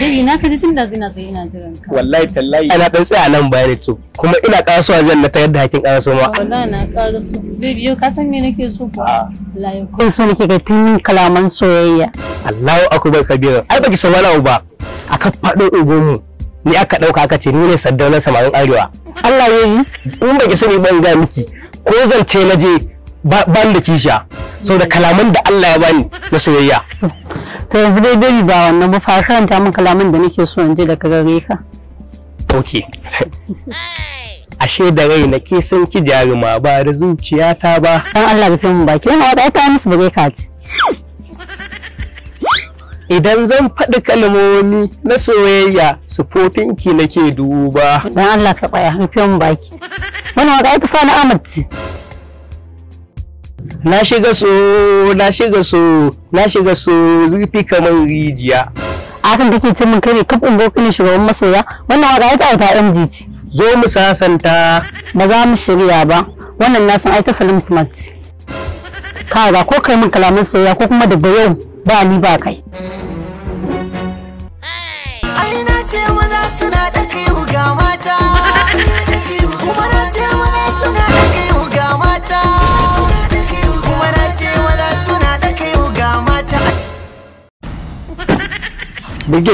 Baby na kaji tun da zina zai ina jiran ka. Wallahi tallahi. Ina dan tsaya nan bayani to. Kuma ina kasuwa zan na tayar da hakin karaso ma. Wallahi na karaso. Baby yau ka san me nake so ko? Ah. Wallahi. Kun so nake ga tun kalaman soyayya. Allahu akbar kabira. Ai baki san wani ba. Aka faɗo ɗogo mu. Ni aka ɗauka aka ce ni ne saddaunar samarin arewa. Allah ya yi. In baki sani ban ga miki. Ko zance na je ban da kisha. Saboda kalaman da Allah ya bani na soyayya. to yanzu dai baby ba wannan ba fara karanta min kalaman da nake so in ji daga gare ka okay ashe da rai na ke son ki jaruma ba da zuciya ta ba Don Allah ka fahimta baki yana wada ta musu bare ka ci idan zan faɗi kalmomi na soyayya ki nake duba dan Allah ka tsaya rufe mun baki wannan wada ta sa na amince na shiga so na shiga so na shiga so zurfi kamar rijiya akan kake ce min kai ne kafin bokin shugaban masoya wannan waka ya ta MG ce zo mu sasanta ba za mu shirya ba wannan na san aita Salim Smart Kara ko kai min kalaman soyayya ko kuma daga yau ba ni ba kai ai ce maza suna buge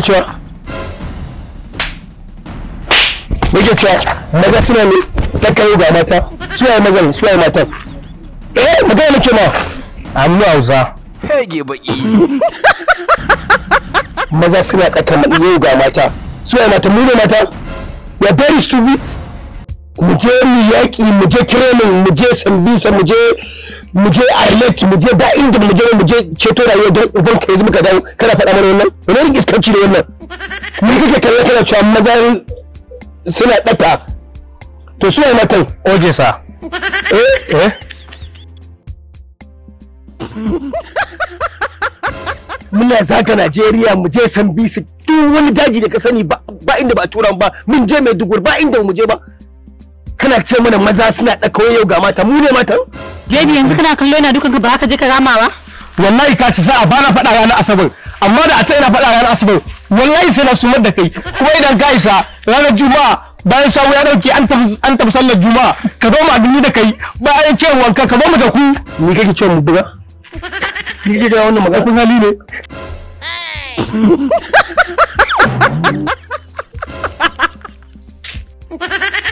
Bir buge cewa maza suna ne ɗakan uga mata suwaye su suwaye mata eh magana nake ma amma hausa hege baki maza suna ɗakan yau uga mata suwaye mata mu ne mata ya beri stupid mu je mu yaƙi mu je training mu je sambisa mu je mu je a lake mu je ba inda mu je mu je ceto rayuwa don uban ka yanzu muka dawo kana faɗa mana wannan wani ne iskanci ne wannan ni kake kare kana cewa maza suna dafa to su ne matan oje sa eh eh muna zaga Najeriya mu je san bisu duk wani daji da ka sani ba inda ba turan ba mun je mai dugur ba inda mu je ba kana ce mana maza suna ɗaka yau ga mata mu ne matan Baby yanzu kana kallo yana dukan ka ba ka je ka rama ba? Wallahi ka ci sa'a ba na faɗa ranar Asabar. Amma da a ce ina faɗa ranar Asabar wallahi sai na sumar da kai. Kuma idan ka isa ranar Juma'a bayan sawu ya dauke an tafi sallar Juma'a ka zo ma duni da kai bayan ke wanka ka zo mu da ku. Ni kake cewa mu buga? Ni kake wannan magana kun hali ne. Ha ha ha ha!